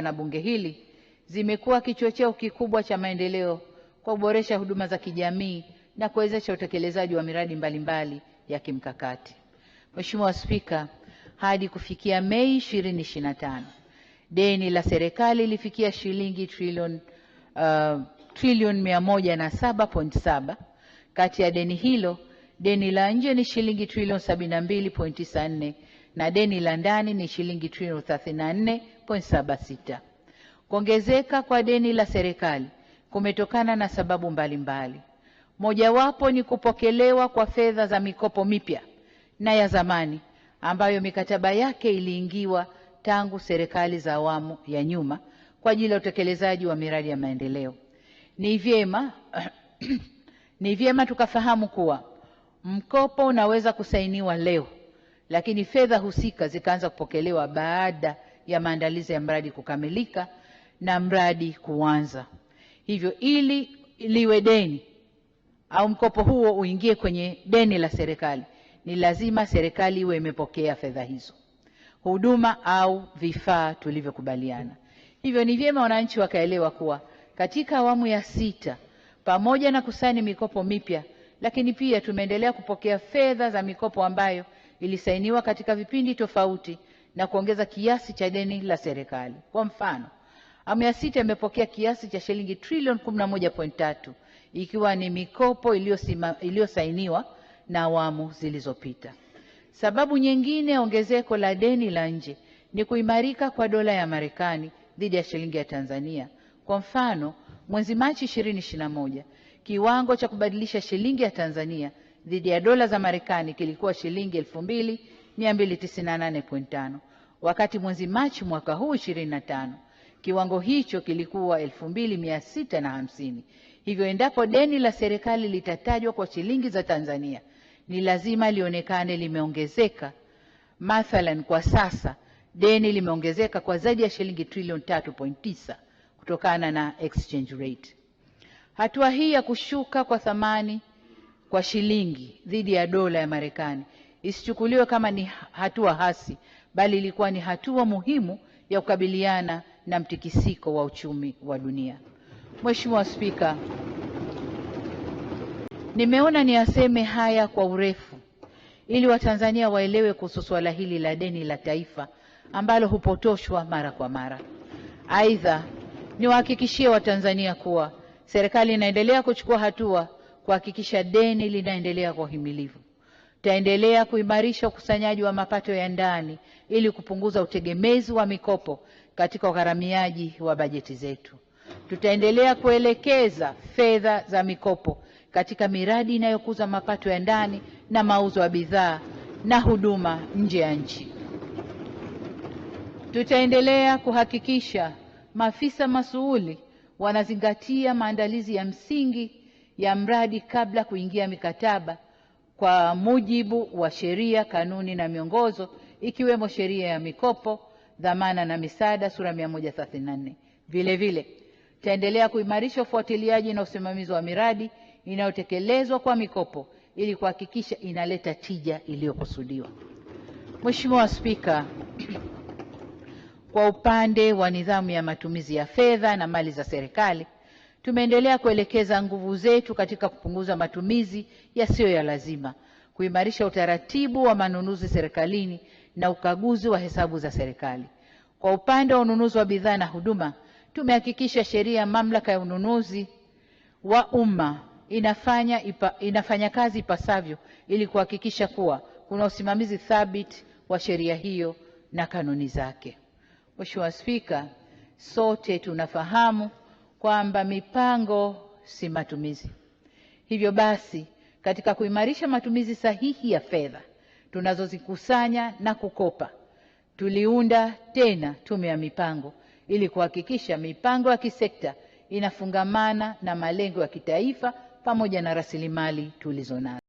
na bunge hili zimekuwa kichocheo kikubwa cha maendeleo kwa kuboresha huduma za kijamii na kuwezesha utekelezaji wa miradi mbalimbali mbali ya kimkakati. Mheshimiwa Spika, hadi kufikia Mei 2025 deni la serikali lilifikia shilingi trilioni uh, trilioni 107.7. Kati ya deni hilo deni la nje ni shilingi trilioni 72.94 na deni la ndani ni shilingi trilioni 34 4.76. Kuongezeka kwa deni la serikali kumetokana na sababu mbalimbali. Mojawapo ni kupokelewa kwa fedha za mikopo mipya na ya zamani ambayo mikataba yake iliingiwa tangu serikali za awamu ya nyuma kwa ajili ya utekelezaji wa miradi ya maendeleo. Ni vyema ni vyema tukafahamu kuwa mkopo unaweza kusainiwa leo, lakini fedha husika zikaanza kupokelewa baada ya maandalizi ya mradi kukamilika na mradi kuanza. Hivyo ili liwe deni au mkopo huo uingie kwenye deni la serikali, ni lazima serikali iwe imepokea fedha hizo, huduma au vifaa tulivyokubaliana. Hivyo ni vyema wananchi wakaelewa kuwa katika awamu ya sita, pamoja na kusaini mikopo mipya, lakini pia tumeendelea kupokea fedha za mikopo ambayo ilisainiwa katika vipindi tofauti na kuongeza kiasi cha deni la serikali. Kwa mfano, awamu ya sita imepokea kiasi cha shilingi trilioni 11.3 ikiwa ni mikopo iliyosainiwa na awamu zilizopita. Sababu nyingine ya ongezeko la deni la nje ni kuimarika kwa dola ya Marekani dhidi ya shilingi ya Tanzania. Kwa mfano, mwezi Machi 2021 kiwango cha kubadilisha shilingi ya Tanzania dhidi ya dola za Marekani kilikuwa shilingi elfu mbili 298.5 wakati mwezi Machi mwaka huu 25 kiwango hicho kilikuwa 2650. Hivyo endapo deni la serikali litatajwa kwa shilingi za Tanzania ni lazima lionekane limeongezeka. Mathalan, kwa sasa deni limeongezeka kwa zaidi ya shilingi trilioni 3.9 kutokana na exchange rate. Hatua hii ya kushuka kwa thamani kwa shilingi dhidi ya dola ya Marekani isichukuliwe kama ni hatua hasi, bali ilikuwa ni hatua muhimu ya kukabiliana na mtikisiko wa uchumi wa dunia. Mheshimiwa Spika, nimeona ni aseme haya kwa urefu ili Watanzania waelewe kuhusu suala hili la deni la taifa ambalo hupotoshwa mara kwa mara. Aidha, niwahakikishie Watanzania kuwa serikali inaendelea kuchukua hatua kuhakikisha deni linaendelea kwa uhimilivu. Tutaendelea kuimarisha ukusanyaji wa mapato ya ndani ili kupunguza utegemezi wa mikopo katika ugharamiaji wa bajeti zetu. Tutaendelea kuelekeza fedha za mikopo katika miradi inayokuza mapato ya ndani na mauzo ya bidhaa na huduma nje ya nchi. Tutaendelea kuhakikisha maafisa masuhuli wanazingatia maandalizi ya msingi ya mradi kabla kuingia mikataba kwa mujibu wa sheria, kanuni na miongozo ikiwemo sheria ya mikopo, dhamana na misaada sura 134. Vile vile taendelea kuimarisha ufuatiliaji na usimamizi wa miradi inayotekelezwa kwa mikopo ili kuhakikisha inaleta tija iliyokusudiwa. Mheshimiwa Spika, kwa upande wa nidhamu ya matumizi ya fedha na mali za serikali Tumeendelea kuelekeza nguvu zetu katika kupunguza matumizi yasiyo ya lazima, kuimarisha utaratibu wa manunuzi serikalini na ukaguzi wa hesabu za serikali. Kwa upande wa ununuzi wa bidhaa na huduma, tumehakikisha sheria ya mamlaka ya ununuzi wa umma inafanya, ipa, inafanya kazi ipasavyo ili kuhakikisha kuwa kuna usimamizi thabiti wa sheria hiyo na kanuni zake. Mheshimiwa Spika, sote tunafahamu kwamba mipango si matumizi. Hivyo basi, katika kuimarisha matumizi sahihi ya fedha tunazozikusanya na kukopa, tuliunda tena tume ya mipango ili kuhakikisha mipango ya kisekta inafungamana na malengo ya kitaifa pamoja na rasilimali tulizonazo.